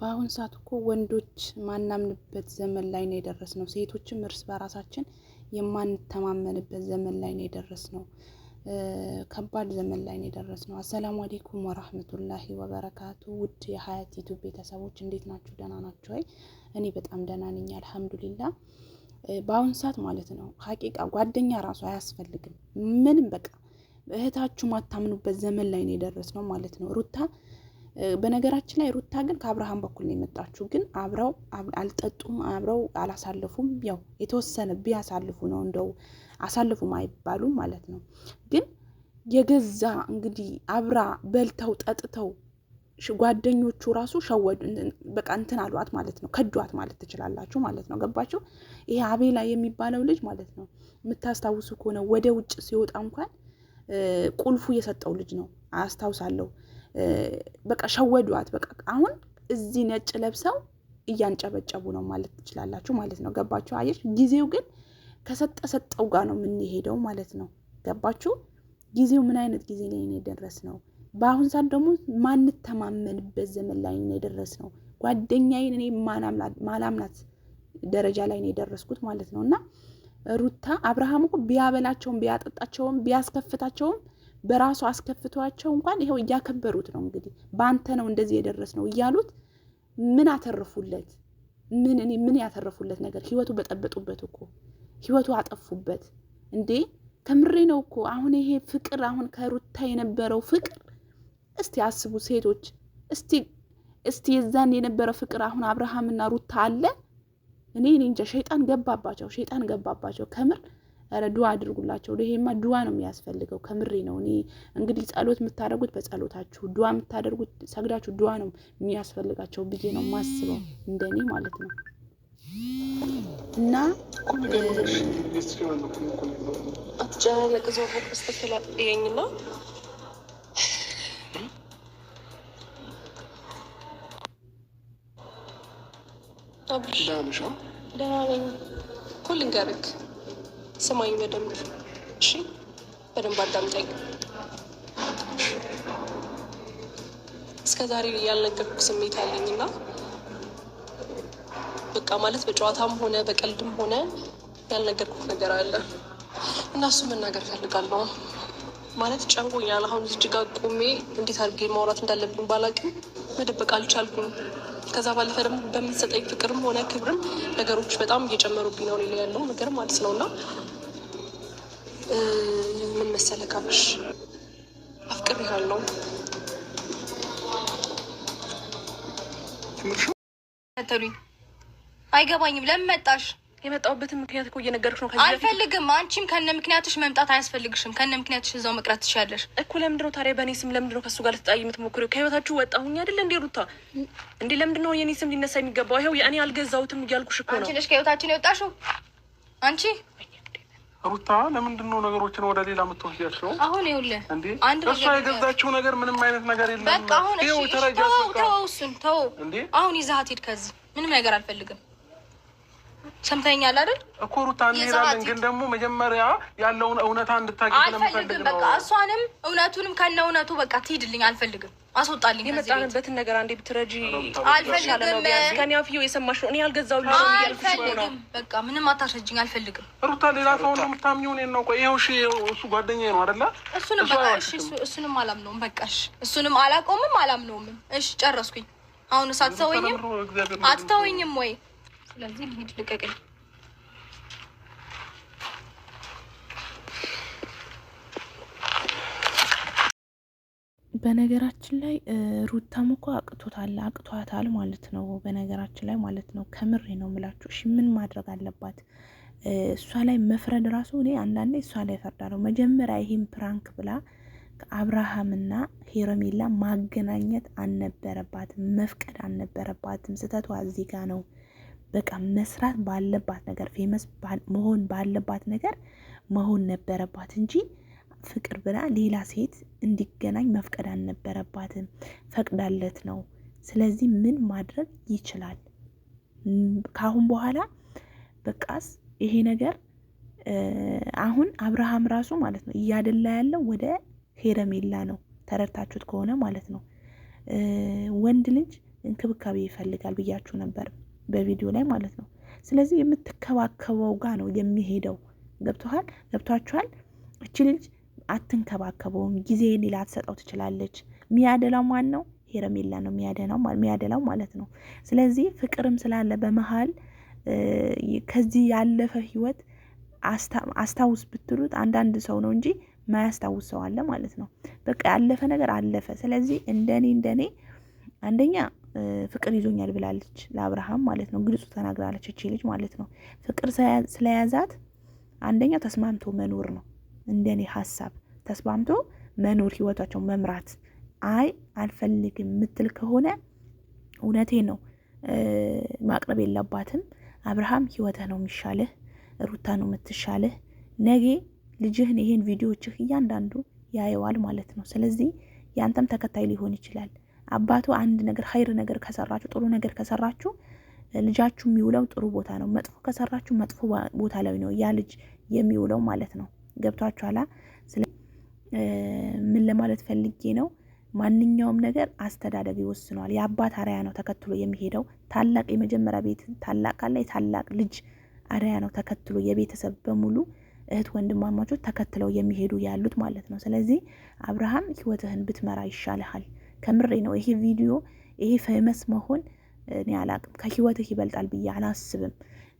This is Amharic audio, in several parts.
በአሁን ሰዓት እኮ ወንዶች ማናምንበት ዘመን ላይ ነው የደረስ ነው። ሴቶችም እርስ በራሳችን የማንተማመንበት ዘመን ላይ ነው የደረስ ነው። ከባድ ዘመን ላይ ነው የደረስ ነው። አሰላሙ አሌይኩም ወራህመቱላሂ ወበረካቱ። ውድ የሀያት ዩቱብ ቤተሰቦች እንዴት ናችሁ? ደህና ናችሁ ወይ? እኔ በጣም ደህና ነኝ አልሐምዱሊላ። በአሁን ሰዓት ማለት ነው ሀቂቃ ጓደኛ ራሱ አያስፈልግም። ምንም በቃ እህታችሁ ማታምኑበት ዘመን ላይ ነው የደረስ ነው ማለት ነው ሩታ በነገራችን ላይ ሩታ ግን ከአብርሃም በኩል ነው የመጣችሁ። ግን አብረው አልጠጡም፣ አብረው አላሳለፉም። ያው የተወሰነ ቢያሳልፉ ነው እንደው አሳልፉም አይባሉም ማለት ነው። ግን የገዛ እንግዲህ አብራ በልተው ጠጥተው ጓደኞቹ ራሱ ሸወዱ፣ በቃ እንትን አሏት ማለት ነው። ከዷት ማለት ትችላላችሁ ማለት ነው። ገባችሁ? ይሄ አቤላ የሚባለው ልጅ ማለት ነው የምታስታውሱ ከሆነ ወደ ውጭ ሲወጣ እንኳን ቁልፉ የሰጠው ልጅ ነው አስታውሳለሁ። በቃ ሸወዷት። በቃ አሁን እዚህ ነጭ ለብሰው እያንጨበጨቡ ነው ማለት ትችላላችሁ ማለት ነው። ገባችሁ? አየሽ፣ ጊዜው ግን ከሰጠ ሰጠው ጋር ነው የምንሄደው ማለት ነው። ገባችሁ? ጊዜው ምን አይነት ጊዜ ላይ ነው የደረስ ነው? በአሁን ሰዓት ደግሞ ማንተማመንበት ዘመን ላይ ነው የደረስ ነው። ጓደኛዬን እኔ ማላምናት ደረጃ ላይ ነው የደረስኩት ማለት ነው። እና ሩታ አብርሃም እኮ ቢያበላቸውም ቢያጠጣቸውም ቢያስከፍታቸውም በራሱ አስከፍቷቸው እንኳን ይኸው እያከበሩት ነው። እንግዲህ በአንተ ነው እንደዚህ የደረስ ነው እያሉት ምን አተረፉለት? ምን እኔ ምን ያተረፉለት ነገር ህይወቱ በጠበጡበት እኮ ህይወቱ አጠፉበት እንዴ! ከምሬ ነው እኮ አሁን ይሄ ፍቅር አሁን ከሩታ የነበረው ፍቅር እስቲ አስቡ ሴቶች፣ እስቲ እስቲ የዛን የነበረ ፍቅር አሁን አብርሃምና ሩታ አለ። እኔ እንጃ ሸይጣን ገባባቸው፣ ሸይጣን ገባባቸው ከምር ኧረ ዱዋ አድርጉላቸው። ይሄማ ዱዋ ነው የሚያስፈልገው። ከምሬ ነው። እኔ እንግዲህ ጸሎት የምታደርጉት በጸሎታችሁ፣ ዱዋ የምታደርጉት ሰግዳችሁ፣ ዱዋ ነው የሚያስፈልጋቸው ብዬ ነው ማስበው፣ እንደኔ ማለት ነው እና ደህና ልንገርህ ስማኝ በደንብ እሺ፣ በደንብ አዳምጠኝ። እስከ ዛሬ ያልነገርኩ ስሜት አለኝ እና በቃ ማለት በጨዋታም ሆነ በቀልድም ሆነ ያልነገርኩት ነገር አለ እና እሱ መናገር ፈልጋለሁ። ማለት ጨንቆኛል። አሁን እዚህ ጋር ቆሜ እንዴት አድርጌ ማውራት እንዳለብኝ ባላቅም መደበቅ አልቻልኩም። ከዛ ባለፈ ደግሞ በምትሰጠኝ ፍቅርም ሆነ ክብርም ነገሮች በጣም እየጨመሩብኝ ነው ያለው ነገር ማለት ነው እና ምን መሰለ አፍቅር ተሉኝ አይገባኝም። ለምን መጣሽ? የመጣሁበትን ምክንያት እኮ እየነገርኩሽ ነው። አልፈልግም። አንቺም ከነ ምክንያትሽ መምጣት አያስፈልግሽም። ከነ ምክንያትሽ እዛው መቅረት ትችያለሽ እኮ። ለምንድነው ታዲያ በእኔ ስም ለምንድነው ከሱ ጋር ልትጣይ የምትሞክሪው? ከህይወታችሁ ወጣሁኝ አይደለ እንዴ ሩታ? እንዴ ለምንድነው የእኔ ስም ሊነሳ የሚገባው? ይኸው የእኔ አልገዛሁትም እያልኩሽ እኮ ነው። አንቺ ነሽ ከህይወታችን የወጣሽው አንቺ ሩታ ለምንድን ነው ነገሮችን ወደ ሌላ የምትወስዳቸው? አሁን ይኸውልህ እንዴ እሷ የገዛችው ነገር ምንም አይነት ነገር የለም። በቃ አሁን እሺ፣ ተው ተው፣ እሱን ተወው። አሁን ይዘሀት ሂድ ከዚህ ምንም ነገር አልፈልግም። ሰምተኛል አይደል እኮ ሩታ፣ እንሄዳለን ግን ደግሞ መጀመሪያ ያለውን እውነታ እንድታገኝ አልፈልግም። በቃ እሷንም እውነቱንም ከነ እውነቱ በቃ ትሂድልኝ፣ አልፈልግም። አስወጣልኝ የመጣንበትን ነገር አንዴ ብትረጂ አልፈልግም። ከኒያ ፊዮ የሰማሽ ነው። እኔ ነው አልፈልግም። በቃ ምንም አታስረጅኝ፣ አልፈልግም። ሩታ፣ ሌላ ሰው ነው የምታምኚው? እኔን ነው? ቆይ ይኸው፣ እሺ፣ እሱ ጓደኛዬ ነው አይደለ? እሱንም በቃ እሺ፣ እሱንም አላምነውም። በቃ እሺ፣ እሱንም አላቆምም፣ አላምነውም። እሺ፣ ጨረስኩኝ። አሁን እሳት ሰውኝም አትተውኝም ወይ ስለዚህ ልሂድ፣ ልቀቀኝ። በነገራችን ላይ ሩታም እኮ አቅቶታል አቅቷታል ማለት ነው። በነገራችን ላይ ማለት ነው ከምሬ ነው የምላችሁ። እሺ ምን ማድረግ አለባት? እሷ ላይ መፍረድ ራሱ እኔ አንዳንዴ እሷ ላይ ፈርዳለሁ። መጀመሪያ ይህም ፕራንክ ብላ ከአብርሃምና ሄረሜላ ማገናኘት አልነበረባትም፣ መፍቀድ አልነበረባትም። ስህተቷ እዚህ ጋ ነው። በቃ መስራት ባለባት ነገር ፌመስ መሆን ባለባት ነገር መሆን ነበረባት እንጂ ፍቅር ብላ ሌላ ሴት እንዲገናኝ መፍቀድ አልነበረባትም። ፈቅዳለት ነው። ስለዚህ ምን ማድረግ ይችላል? ከአሁን በኋላ በቃስ ይሄ ነገር አሁን አብርሃም ራሱ ማለት ነው እያደላ ያለው ወደ ሄረሜላ ነው። ተረድታችሁት ከሆነ ማለት ነው ወንድ ልጅ እንክብካቤ ይፈልጋል ብያችሁ ነበር። በቪዲዮ ላይ ማለት ነው። ስለዚህ የምትከባከበው ጋር ነው የሚሄደው። ገብቶሃል? ገብቷችኋል? እቺ ልጅ አትንከባከበውም። ጊዜ ሌላ ትሰጠው ትችላለች። ሚያደላው ማን ነው? ሄረሜላ ነው ሚያደላው ማለት ነው። ስለዚህ ፍቅርም ስላለ በመሀል ከዚህ ያለፈ ህይወት አስታውስ ብትሉት አንዳንድ ሰው ነው እንጂ ማያስታውስ ሰው አለ ማለት ነው። በቃ ያለፈ ነገር አለፈ። ስለዚህ እንደኔ እንደኔ አንደኛ ፍቅር ይዞኛል ብላለች ለአብርሃም ማለት ነው። ግልጹ ተናግራለች እቺ ልጅ ማለት ነው። ፍቅር ስለያዛት አንደኛው ተስማምቶ መኖር ነው። እንደኔ ሀሳብ ተስማምቶ መኖር ህይወታቸው መምራት። አይ አልፈልግም የምትል ከሆነ እውነቴ ነው ማቅረብ የለባትም። አብርሃም ህይወትህ ነው የሚሻልህ፣ ሩታ ነው የምትሻልህ። ነገ ልጅህን ይሄን ቪዲዮችህ እያንዳንዱ ያየዋል ማለት ነው። ስለዚህ ያንተም ተከታይ ሊሆን ይችላል። አባቱ አንድ ነገር ኸይር ነገር ከሰራችሁ ጥሩ ነገር ከሰራችሁ ልጃችሁ የሚውለው ጥሩ ቦታ ነው። መጥፎ ከሰራችሁ መጥፎ ቦታ ላይ ነው ያ ልጅ የሚውለው ማለት ነው። ገብቷችኋላ? ስለ ምን ለማለት ፈልጌ ነው፣ ማንኛውም ነገር አስተዳደግ ይወስነዋል። የአባት አርያ ነው ተከትሎ የሚሄደው ታላቅ የመጀመሪያ ቤት ታላቅ ካለ የታላቅ ልጅ አርያ ነው ተከትሎ የቤተሰብ በሙሉ እህት ወንድማማቾች ተከትለው የሚሄዱ ያሉት ማለት ነው። ስለዚህ አብርሃም ህይወትህን ብትመራ ይሻልሃል። ከምሬ ነው። ይሄ ቪዲዮ ይሄ ፈመስ መሆን እኔ አላቅም፣ ከህይወትህ ይበልጣል ብዬ አላስብም።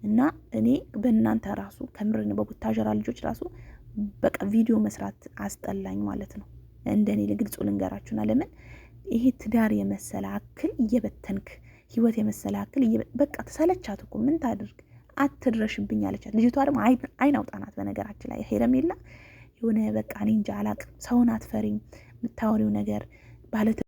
እና እኔ በእናንተ ራሱ ከምሬ ነው፣ በቡታጀራ ልጆች ራሱ በቃ ቪዲዮ መስራት አስጠላኝ ማለት ነው። እንደኔ ልግልጹ ልንገራችሁና ለምን ይሄ ትዳር የመሰለ አክል እየበተንክ ህይወት የመሰለ አክል በቃ ተሰለቻት እኮ ምን ታድርግ፣ አትድረሽብኝ አለቻት። ልጅቷ ደግሞ አይን አውጣናት በነገራችን ላይ ሄረሜላ የሆነ በቃ እኔ እንጃ አላቅም። ሰውን አትፈሪም፣ የምታወሪው ነገር ባለ